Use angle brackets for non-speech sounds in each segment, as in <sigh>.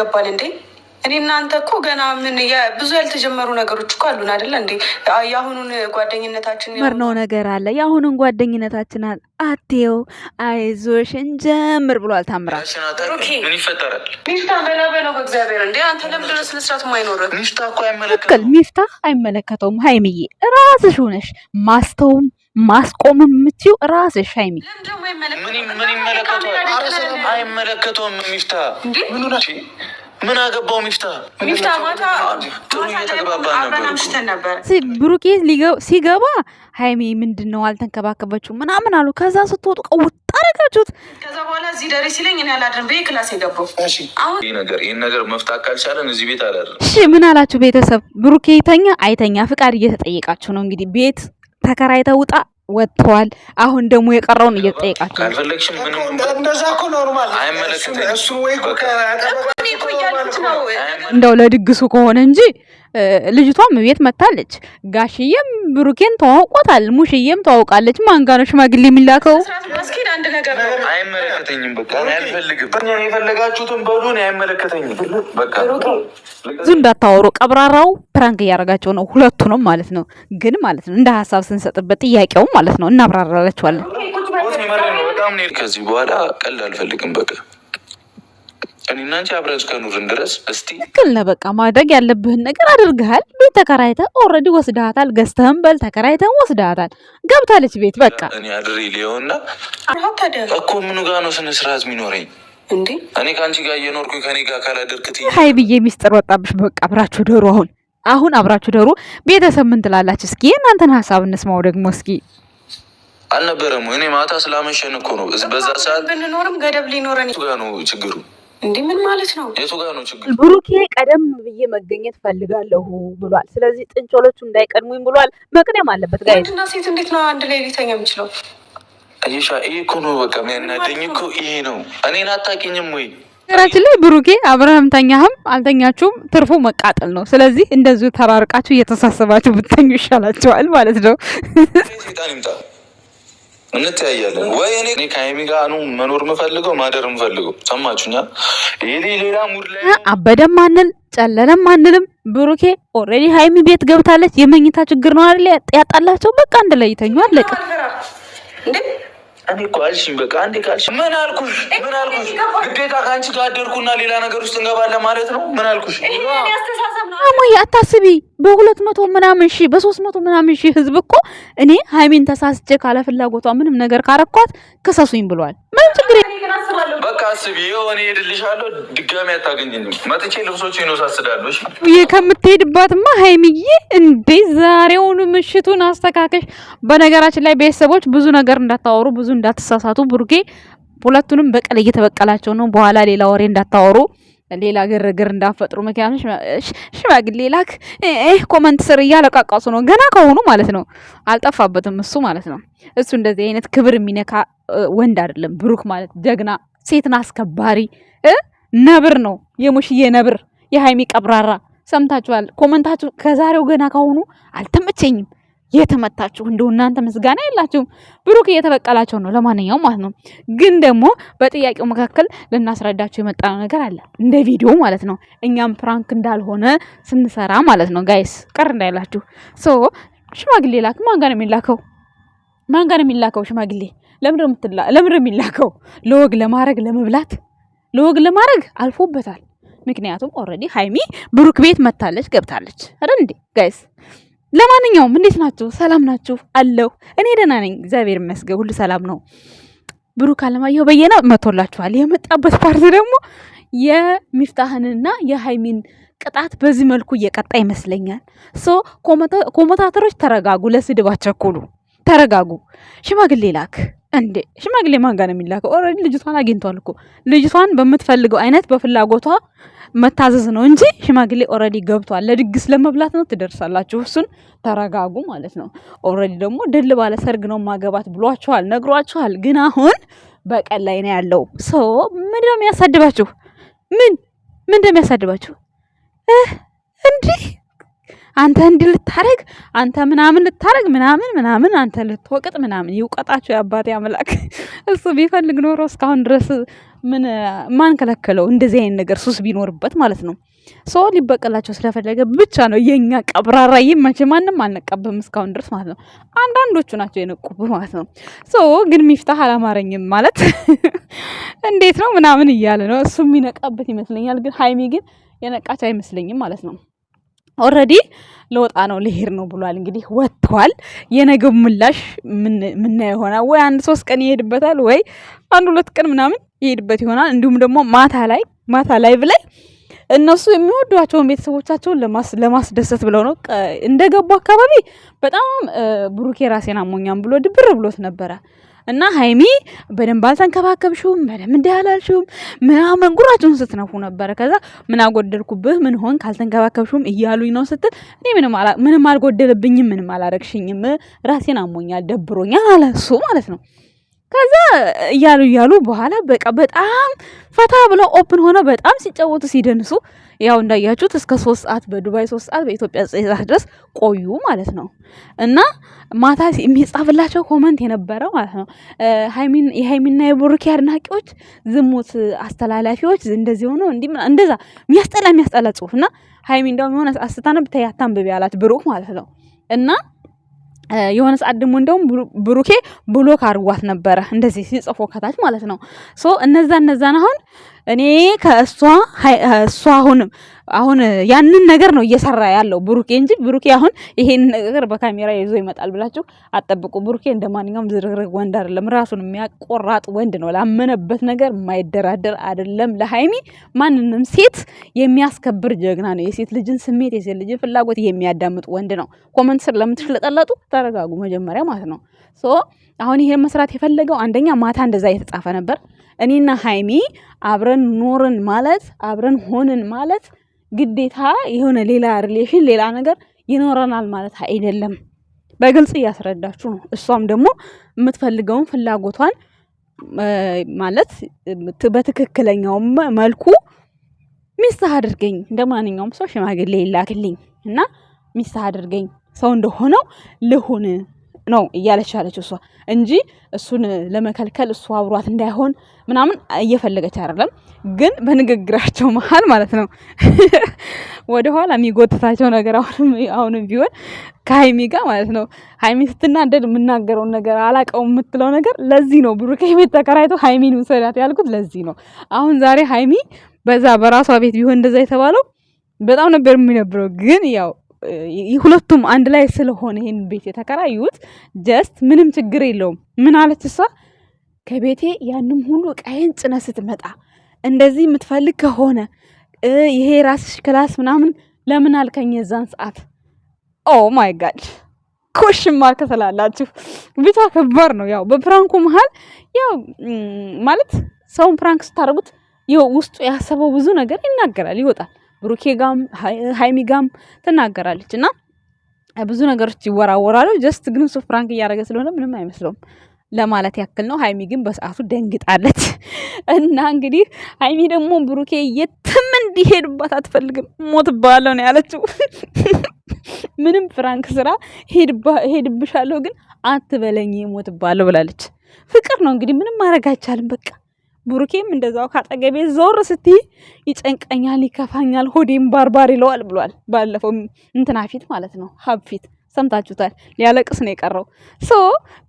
ይገባል እንዴ? እኔ እናንተ እኮ ገና ምን ብዙ ያልተጀመሩ ነገሮች እኮ አሉን አይደለ እንዴ? የአሁኑን ጓደኝነታችን መርነው ነገር አለ። የአሁኑን ጓደኝነታችን አለ። አቴው አይዞሽ እንጀምር ብሏል ታምራት። ምን ይፈጠራል? ሚፍታ በላበለው በእግዚአብሔር እንዴ! አንተ ለምንድነው ስነ ስርዓት የማይኖረው? ሚፍታ እኮ አይመለከተውም ሀይምዬ፣ ራስሽ ሆነሽ ማስተውም ማስቆም የምትዩ ራስሽ ሀይሚ። ምን አገባው ሚፍታ ሚፍታ ማታ ነበር ብሩኬ ሲገባ ሀይሜ ምንድን ነው አልተንከባከበችው ምናምን አሉ። ከዛ ስትወጡ ቀውጥ አደረጋችሁት። ከዛ በኋላ እዚህ ደሬ ሲለኝ እኔ አላድርም ብዬ ክላስ የገባው ይህ ነገር ይህን ነገር መፍታት ካልቻለን እዚህ ቤት አላድርም። እሺ ምን አላችሁ ቤተሰብ? ብሩኬ ይተኛ አይተኛ ፍቃድ እየተጠየቃችሁ ነው እንግዲህ ቤት ተከራይተውጣ ወጥተዋል። አሁን ደግሞ የቀረውን እየጠየቃቸው እንደው ለድግሱ ከሆነ እንጂ ልጅቷም ቤት መታለች። ጋሽዬም ብሩኬን ተዋውቆታል፣ ሙሽዬም ተዋውቃለች። ማን ጋ ነው ሽማግሌ የሚላከው? አንድ ነገር አይመለከተኝም። በቃ የፈለጋችሁትን በሉ። አይመለከተኝም። በቃ ብዙ እንዳታወሩ። ቀብራራው ፕራንክ እያደረጋቸው ነው ሁለቱንም ማለት ነው። ግን ማለት ነው እንደ ሀሳብ ስንሰጥበት ጥያቄውም ማለት ነው እናብራራላችኋለን። ከዚህ በኋላ ቀልድ አልፈልግም። በቃ እኔና አንቺ አብረን እስከኖርን ድረስ እስቲ ትክክል ነህ። በቃ ማድረግ ያለብህን ነገር አድርገሃል። ቤት ተከራይተህ ኦልሬዲ ወስደሃታል። ገዝተህም በል ተከራይተህም ወስደሃታል። ገብታለች ቤት በቃ እኔ አድሬ ሊሆና እኮ ምኑ ጋ ነው ስነ ስርዓት የሚኖረኝ? እኔ ከአንቺ ጋር እየኖርኩ ከኔ ጋር ካላደርክት ሀይ ብዬ ሚስጥር ወጣብሽ። በቃ አብራችሁ ደሩ። አሁን አሁን አብራችሁ ደሩ። ቤተሰብ ምን ትላላችሁ? እስኪ እናንተን ሀሳብ እንስማው ደግሞ እስኪ አልነበረም እኔ ማታ ስላመሸን እኮ ነው በዛ ሰዓት ብንኖርም ገደብ ሊኖረን ነው ችግሩ እንዲህ ምን ማለት ነው? የቱ ጋር ነው ችግር? ብሩኬ ቀደም ብዬ መገኘት ፈልጋለሁ ብሏል። ስለዚህ ጥንቾሎቹ እንዳይቀድሙኝ ብሏል። መቅደም አለበት። ጋር ወንድና ሴት እንዴት ነው አንድ ላይ ሊተኛ የምችለው? አይሻ ይህ እኮ ነው በቃ የሚያናደኝ እኮ ይሄ ነው። እኔን አታውቂኝም ወይ? ነገራችን ላይ ብሩኬ አብርሃም ተኛህም አልተኛችሁም ትርፉ መቃጠል ነው። ስለዚህ እንደዚሁ ተራርቃችሁ እየተሳሰባችሁ ብተኙ ይሻላችኋል ማለት ነው። እንተያያለን ወይ እኔ ከሀይሚ ጋር ነው መኖር የምፈልገው ማደር የምፈልገው ሰማችሁኛ። ይሄ ሌላ ሙድ ላይ አበደም አንል ጨለለም አንልም። ብሩኬ ኦልሬዲ ሀይሚ ቤት ገብታለች። የመኝታ ችግር ነው አይደል ያጣላቸው። በቃ አንድ ላይ ይተኙ አለቀ። እኔ እኮ አልሽኝ፣ በቃ አንዴ ካልሽ ምን አልኩሽ? ምን አልኩሽ? ግዴታ ከአንቺ ካደርኩና ሌላ ነገር ውስጥ እንገባለን ማለት ነው። ምን አልኩሽ? አሞይ አታስቢ። በሁለት መቶ ምናምን ሺህ በሶስት መቶ ምናምን ሺህ ህዝብ እኮ እኔ ሀይሜን ተሳስቼ ካለፍላጎቷ ምንም ነገር ካረኳት ክሰሱኝ ብሏል። ምንም ችግር በቃ አስቢ የሆነ ሄድልሻለሁ። ድጋሚ አታገኝኝም። መጥቼ ልብሶች ከምትሄድባትማ ሀይሚዬ፣ እንዴ ምሽቱን አስተካከሽ። በነገራችን ላይ ቤተሰቦች ብዙ ነገር እንዳታወሩ፣ ብዙ እንዳትሳሳቱ። ብሩኬ ሁለቱንም በቀል እየተበቀላቸው ነው። በኋላ ሌላ ወሬ እንዳታወሩ። ሌላ ግርግር እንዳፈጥሩ። ምክንያቱም ሽማግሌ ላክ ኮመንት ስር እያለቃቀሱ ነው፣ ገና ከሆኑ ማለት ነው። አልጠፋበትም እሱ ማለት ነው። እሱ እንደዚህ አይነት ክብር የሚነካ ወንድ አይደለም። ብሩክ ማለት ጀግና፣ ሴትን አስከባሪ ነብር ነው። የሙሽዬ ነብር፣ የሀይሚ ቀብራራ። ሰምታችኋል። ኮመንታችሁ ከዛሬው ገና ከሆኑ አልተመቸኝም የተመታችሁ እንደው እናንተ ምስጋና የላችሁም። ብሩክ እየተበቀላቸው ነው። ለማንኛውም ማለት ነው። ግን ደግሞ በጥያቄው መካከል ልናስረዳቸው የመጣ ነገር አለ፣ እንደ ቪዲዮ ማለት ነው። እኛም ፕራንክ እንዳልሆነ ስንሰራ ማለት ነው። ጋይስ ቀር እንዳይላችሁ። ሶ ሽማግሌ ላክ። ማን ጋር ነው የሚላከው? ማን ጋር ነው የሚላከው ሽማግሌ? ለምንድን የሚላከው? ለወግ ለማድረግ ለመብላት፣ ለወግ ለማድረግ አልፎበታል። ምክንያቱም ኦልሬዲ ሀይሚ ብሩክ ቤት መታለች፣ ገብታለች አረ እንዴ ጋይስ ለማንኛውም እንዴት ናችሁ? ሰላም ናችሁ? አለሁ እኔ ደህና ነኝ፣ እግዚአብሔር ይመስገን፣ ሁሉ ሰላም ነው። ብሩክ አለማየሁ በየነ መቶላችኋል። የመጣበት ፓርት ደግሞ የሚፍታህንና የሀይሚን ቅጣት በዚህ መልኩ እየቀጣ ይመስለኛል። ሶ ኮመታተሮች ተረጋጉ፣ ለስድባቸው አትቸኩሉ፣ ተረጋጉ። ሽማግሌ ላክ እንዴ ሽማግሌ ማን ጋር ነው የሚላከው? ኦልሬዲ ልጅቷን አግኝቷል እኮ ልጅቷን በምትፈልገው አይነት በፍላጎቷ መታዘዝ ነው እንጂ ሽማግሌ ኦልሬዲ ገብቷል። ለድግስ ለመብላት ነው ትደርሳላችሁ። እሱን ተረጋጉ ማለት ነው። ኦልሬዲ ደግሞ ድል ባለ ሰርግ ነው ማገባት ብሏችኋል፣ ነግሯችኋል። ግን አሁን በቀል ላይ ነው ያለው ሰው። ምን እንደሚያሳድባችሁ ምን ምን እንደሚያሳድባችሁ እንዲህ አንተ እንዲህ ልታረግ አንተ ምናምን ልታረግ ምናምን ምናምን አንተ ልትወቅጥ ምናምን ይውቀጣቸው የአባቴ አምላክ። <laughs> እሱ ቢፈልግ ኖሮ እስካሁን ድረስ ምን ማን ከለከለው? እንደዚህ አይነት ነገር ሱስ ቢኖርበት ማለት ነው። ሰው ሊበቀላቸው ስለፈለገ ብቻ ነው። የኛ ቀብራራ ይመች፣ ማንም አልነቃብህም እስካሁን ድረስ ማለት ነው። አንዳንዶቹ ናቸው የነቁብ ማለት ነው። ሰው ግን ሚፍታህ አላማረኝም ማለት <laughs> እንዴት ነው ምናምን እያለ ነው እሱ የሚነቃበት ይመስለኛል። ግን ሀይሚ ግን የነቃች አይመስለኝም ማለት ነው። ኦልሬዲ ለወጣ ነው ልሄድ ነው ብሏል። እንግዲህ ወጥቷል። የነገው ምላሽ ምናየው ይሆናል። ወይ አንድ ሶስት ቀን ይሄድበታል፣ ወይ አንድ ሁለት ቀን ምናምን ይሄድበት ይሆናል። እንዲሁም ደግሞ ማታ ላይ ማታ ላይ ላይ እነሱ የሚወዷቸውን ቤተሰቦቻቸውን ለማስደሰት ብለው ነው። እንደገቡ አካባቢ በጣም ብሩኬ ራሴን አሞኛም ብሎ ድብር ብሎት ነበረ። እና ሀይሚ በደንብ አልተንከባከብሽውም፣ በደንብ እንዲህ አላልሽውም ምናምን ጉራችሁን ስትነፉ ነበረ። ከዛ ምን አጎደልኩብህ፣ ምን ሆን ካልተንከባከብሽውም እያሉኝ ነው ስትል እኔ ምንም አልጎደልብኝም፣ ምንም አላረግሽኝም፣ ራሴን አሞኛል፣ ደብሮኛል አለ እሱ ማለት ነው። ከዛ እያሉ እያሉ በኋላ በቃ በጣም ፈታ ብለው ኦፕን ሆነው በጣም ሲጫወቱ ሲደንሱ፣ ያው እንዳያችሁት እስከ ሶስት ሰዓት በዱባይ ሶስት ሰዓት በኢትዮጵያ ዘጠኝ ሰዓት ድረስ ቆዩ ማለት ነው። እና ማታ የሚጻፍላቸው ኮመንት የነበረ ማለት ነው የሀይሚና የቡሩኬ አድናቂዎች፣ ዝሙት አስተላላፊዎች እንደዚህ ሆኖ እንደዛ የሚያስጠላ የሚያስጠላ ጽሁፍ እና ሀይሚ እንደውም የሆነ አስታነብ ተያታን ብቤ አላት ብሩክ ማለት ነው እና የሆነ ሰዓት ደግሞ እንደውም ብሩኬ ብሎክ አድርጓት ነበረ እንደዚህ ሲጽፎ ከታች ማለት ነው። ሶ እነዛ እነዛን አሁን እኔ ከእሷ እሷ አሁንም አሁን ያንን ነገር ነው እየሰራ ያለው ብሩኬ እንጂ ብሩኬ አሁን ይሄን ነገር በካሜራ ይዞ ይመጣል ብላችሁ አጠብቁ። ብሩኬ እንደ ማንኛውም ዝርግርግ ወንድ አይደለም። ራሱን የሚያቆራጥ ወንድ ነው። ላመነበት ነገር የማይደራደር አይደለም። ለሀይሚ ማንንም ሴት የሚያስከብር ጀግና ነው። የሴት ልጅን ስሜት፣ የሴት ልጅን ፍላጎት የሚያዳምጥ ወንድ ነው። ኮመንት ስር ለምትሽለጠለጡ ተረጋጉ መጀመሪያ ማለት ነው። ሶ አሁን ይሄን መስራት የፈለገው አንደኛ ማታ እንደዛ የተጻፈ ነበር እኔና ሀይሚ አብረን ኖርን ማለት አብረን ሆንን ማለት ግዴታ የሆነ ሌላ ሪሌሽን ሌላ ነገር ይኖረናል ማለት አይደለም። በግልጽ እያስረዳችሁ ነው። እሷም ደግሞ የምትፈልገውን ፍላጎቷን ማለት በትክክለኛው መልኩ ሚስትህ አድርገኝ፣ እንደ ማንኛውም ሰው ሽማግሌ ይላክልኝ እና ሚስትህ አድርገኝ፣ ሰው እንደሆነው ልሁን ነው እያለች ያለችው እሷ እንጂ እሱን ለመከልከል እሱ አብሯት እንዳይሆን ምናምን እየፈለገች አይደለም። ግን በንግግራቸው <laughs> መሀል ማለት ነው <laughs> ወደኋላ የሚጎትታቸው ነገር አሁንም ቢሆን ከሀይሚ ጋር ማለት ነው። ሀይሚ ስትናደድ የምናገረውን ነገር አላቀው የምትለው ነገር ለዚህ ነው ብሩኬ ቤት ተከራይቶ ሀይሚን ውሰዳት ያልኩት ለዚህ ነው። አሁን ዛሬ ሀይሚ በዛ በራሷ ቤት ቢሆን እንደዛ የተባለው በጣም ነበር የሚነብረው ግን ያው ሁለቱም አንድ ላይ ስለሆነ ይህን ቤት የተከራዩት ጀስት ምንም ችግር የለውም። ምን አለች እሷ ከቤቴ ያንም ሁሉ ቀይን ጭነ ስትመጣ እንደዚህ የምትፈልግ ከሆነ ይሄ ራስሽ ክላስ ምናምን ለምን አልከኝ የዛን ሰዓት? ኦ ማይ ጋድ ኮሽ ማርከ ብቻ ከባድ ነው። ያው በፕራንኩ መሀል ያው ማለት ሰውን ፕራንክ ስታደርጉት ውስጡ ያሰበው ብዙ ነገር ይናገራል፣ ይወጣል። ብሩኬ ጋም ሀይሚ ጋም ትናገራለች እና ብዙ ነገሮች ይወራወራሉ። ጀስት ግን እሱ ፍራንክ እያደረገ ስለሆነ ምንም አይመስለውም ለማለት ያክል ነው። ሀይሚ ግን በሰዓቱ ደንግጣለች <laughs> እና እንግዲህ ሀይሚ ደግሞ ብሩኬ የትም እንዲሄድባት አትፈልግም። ባለው ነው ያለችው። <laughs> ምንም ፍራንክ ስራ ሄድብሻለሁ ግን አትበለኝ፣ ባለው ብላለች። ፍቅር ነው እንግዲህ ምንም ማድረግ አይቻልም በቃ ብሩኬም እንደዛው ካጠገቤ ዞር ስቲ ይጨንቀኛል፣ ይከፋኛል፣ ሆዴም ባርባር ይለዋል ብሏል። ባለፈው እንትና ፊት ማለት ነው ሀብ ፊት ሰምታችሁታል። ሊያለቅስ ነው የቀረው። ሶ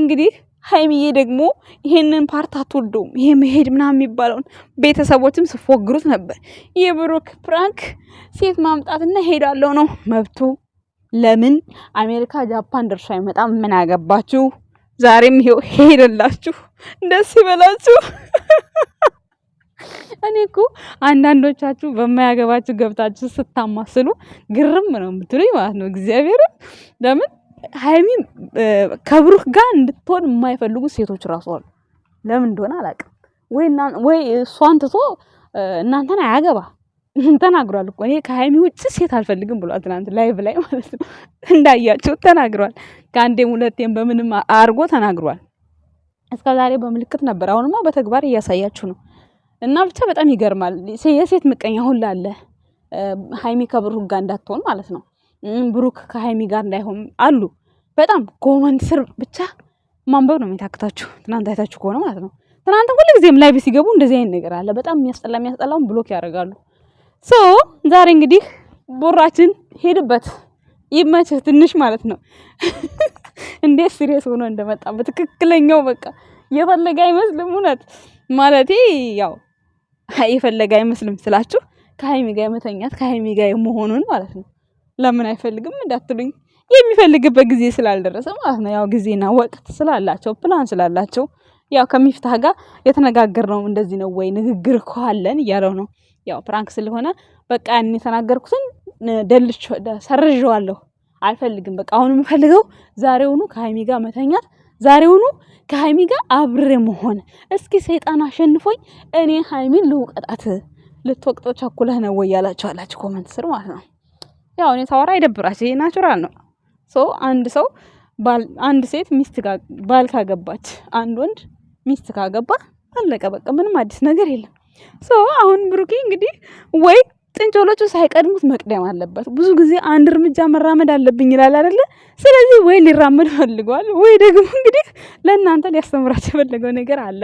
እንግዲህ ሀይሚዬ ደግሞ ይሄንን ፓርት አትወደውም። ይሄ መሄድ ምናምን የሚባለውን ቤተሰቦችም ስፎግሩት ነበር። የብሩክ ፕራንክ ሴት ማምጣትና ሄዳለው ነው መብቱ። ለምን አሜሪካ ጃፓን ደርሶ አይመጣም? ምን አገባችሁ? ዛሬም ይሄው ሄደላችሁ፣ ደስ ይበላችሁ። እኔ እኮ አንዳንዶቻችሁ በማያገባችሁ ገብታችሁ ስታማስሉ ግርም ነው የምትሉኝ ማለት ነው። እግዚአብሔር ለምን ሀይሚ ከብሩህ ጋር እንድትሆን የማይፈልጉ ሴቶች ራሱ አሉ። ለምን እንደሆነ አላውቅም። ወይ እሷን ትቶ እናንተን አያገባ ተናግሯል እኮ እኔ ከሀይሚ ውጭ ሴት አልፈልግም ብሏል። ትናንት ላይቭ ላይ ማለት ነው እንዳያችሁ ተናግሯል። ከአንዴም ሁለቴም በምንም አርጎ ተናግሯል። ዛሬ በምልክት ነበር። አሁንማ በተግባር እያሳያችሁ ነው። እና ብቻ በጣም ይገርማል። የሴት ምቀኛ ሁላ አለ። ሀይሚ ከብሩክ ጋር እንዳትሆን ማለት ነው፣ ብሩክ ከሀይሚ ጋር እንዳይሆን አሉ። በጣም ኮመንት ስር ብቻ ማንበብ ነው የሚታክታችሁ። ትናንት አይታችሁ ከሆነ ማለት ነው። ትናንት ጊዜም ላይቭ ሲገቡ እንደዚህ አይነት ነገር አለ። በጣም የሚያስጠላ የሚያስጠላውን ብሎክ ያደርጋሉ። ሶ ዛሬ እንግዲህ ቦራችን ሄድበት ይመችህ ትንሽ ማለት ነው። <laughs> እንዴት ሲሪየስ ሆኖ እንደመጣ በትክክለኛው በቃ የፈለገ አይመስልም። እውነት ማለት ያው የፈለገ አይመስልም ስላችሁ ከሀይሚ ጋር የመተኛት ከሀይሚ ጋር ማለት ነው። ለምን አይፈልግም እንዳትሉኝ የሚፈልግበት ጊዜ ስላልደረሰ ማለት ነው። ያው ጊዜና ወቅት ስላላቸው ፕላን ስላላቸው ያው ከሚፍታህ ጋር ነው እንደዚህ ነው ወይ ንግግር እኮ አለን እያለው ነው። ያው ፕራንክ ስለሆነ በቃ ያን የተናገርኩትን ደልች ሰርዤዋለሁ። አልፈልግም። በቃ አሁን የምፈልገው ዛሬውኑ ከሀይሚ ጋር መተኛት፣ ዛሬውኑ ከሀይሚ ጋር አብሬ መሆን። እስኪ ሰይጣን አሸንፎኝ እኔ ሀይሚን ልውቀጣት። ልትወቅጦ ቸኩለህ ነው ወይ ያላችሁ አላችሁ ኮመንት ስር ማለት ነው። ያው እኔ ሳወራ አይደብራችሁ፣ ይሄ ናቹራል ነው። ሶ አንድ ሰው አንድ ሴት ሚስት ባል ካገባች፣ አንድ ወንድ ሚስት ካገባ አለቀ በቃ፣ ምንም አዲስ ነገር የለም። ሶ አሁን ብሩኬ እንግዲህ ወይ ጥንቸሎቹ ሳይቀድሙት መቅደም አለበት። ብዙ ጊዜ አንድ እርምጃ መራመድ አለብኝ ይላል አይደለ? ስለዚህ ወይ ሊራመድ ፈልጓል ወይ ደግሞ እንግዲህ ለእናንተ ሊያስተምራቸው የፈለገው ነገር አለ።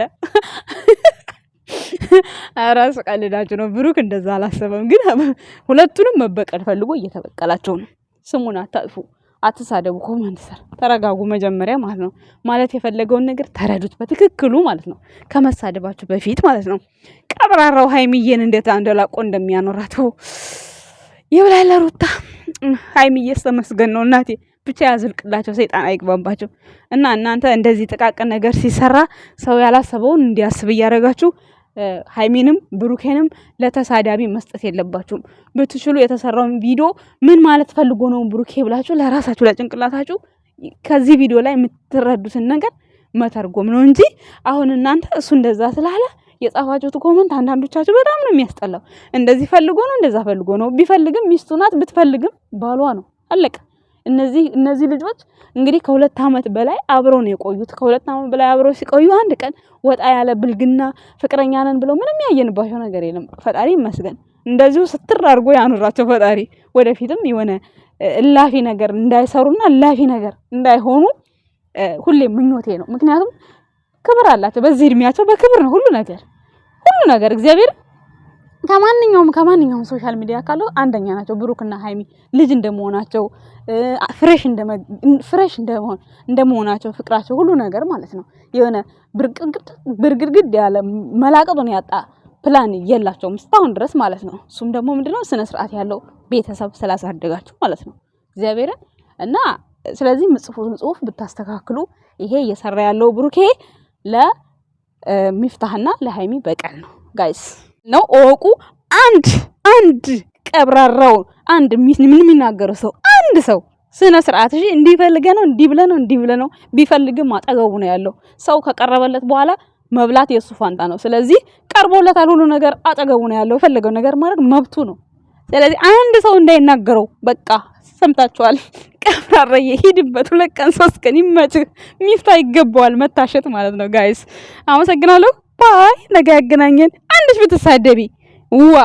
ራሱ ቀልዳችሁ ነው። ብሩክ እንደዛ አላሰበም፣ ግን ሁለቱንም መበቀል ፈልጎ እየተበቀላቸው ነው። ስሙን አታጥፉ። አትሳደቡ፣ ኮመንት ስር ተረጋጉ መጀመሪያ ማለት ነው። ማለት የፈለገውን ነገር ተረዱት በትክክሉ ማለት ነው፣ ከመሳደባችሁ በፊት ማለት ነው። ቀብራራው ሀይሚዬን እንዴት አንደላቆ እንደሚያኖራት ይብላለ ለሩታ ሀይሚዬ ተመስገን ነው እናቴ። ብቻ ያዝልቅላቸው፣ ሰይጣን አይግባባቸው እና እናንተ እንደዚህ ጥቃቅን ነገር ሲሰራ ሰው ያላሰበውን እንዲያስብ እያደረጋችሁ ሀይሜንም ብሩኬንም ለተሳዳቢ መስጠት የለባችሁም። ብትችሉ የተሰራውን ቪዲዮ ምን ማለት ፈልጎ ነው ብሩኬ ብላችሁ ለራሳችሁ ለጭንቅላታችሁ ከዚህ ቪዲዮ ላይ የምትረዱትን ነገር መተርጎም ነው እንጂ አሁን እናንተ እሱ እንደዛ ስላለ የጻፋችሁት ኮመንት አንዳንዶቻችሁ በጣም ነው የሚያስጠላው። እንደዚህ ፈልጎ ነው እንደዛ ፈልጎ ነው። ቢፈልግም ሚስቱ ናት፣ ብትፈልግም ባሏ ነው። አለቀ። እነዚህ እነዚህ ልጆች እንግዲህ ከሁለት ዓመት በላይ አብረው ነው የቆዩት። ከሁለት ዓመት በላይ አብረው ሲቆዩ አንድ ቀን ወጣ ያለ ብልግና ፍቅረኛ ነን ብለው ምንም ያየንባቸው ነገር የለም። ፈጣሪ ይመስገን። እንደዚሁ ስትር አድርጎ ያኑራቸው ፈጣሪ። ወደፊትም የሆነ እላፊ ነገር እንዳይሰሩና እላፊ ነገር እንዳይሆኑ ሁሌ ምኞቴ ነው። ምክንያቱም ክብር አላቸው። በዚህ እድሜያቸው በክብር ነው ሁሉ ነገር ሁሉ ነገር እግዚአብሔር ከማንኛውም ከማንኛውም ሶሻል ሚዲያ ካለው አንደኛ ናቸው። ብሩክና ሀይሚ ልጅ እንደመሆናቸው ፍሬሽ ፍሬሽ እንደመሆናቸው ፍቅራቸው ሁሉ ነገር ማለት ነው። የሆነ ብርግርግድ ያለ መላቀጡን ያጣ ፕላን የላቸውም እስካሁን ድረስ ማለት ነው። እሱም ደግሞ ምንድነው ስነ ስርዓት ያለው ቤተሰብ ስላሳደጋቸው ማለት ነው እግዚአብሔርን እና ስለዚህ ምጽፉትን ጽሁፍ ብታስተካክሉ ይሄ እየሰራ ያለው ብሩኬ ለሚፍታህና ለሀይሚ በቀል ነው ጋይስ ነው እወቁ። አንድ አንድ ቀብራራው አንድ ምን የሚናገረው ሰው አንድ ሰው ስነ ስርዓት እሺ፣ እንዲፈልገ ነው እንዲብለ ነው እንዲብለ ነው። ቢፈልግም አጠገቡ ነው ያለው ሰው ከቀረበለት በኋላ መብላት የእሱ ፋንታ ነው። ስለዚህ ቀርቦለታል ሁሉ ነገር አጠገቡ ነው ያለው። የፈለገው ነገር ማድረግ መብቱ ነው። ስለዚህ አንድ ሰው እንዳይናገረው በቃ ሰምታችኋል። <laughs> ቀብራራዬ ሂድበት፣ ሁለት ቀን ሶስት ቀን ይመችህ። ሚፍታ ይገባዋል መታሸት ማለት ነው። ጋይስ አመሰግናለሁ። ባይ ነገ ያገናኘን። እንዴት ብትሳደቢ ዋ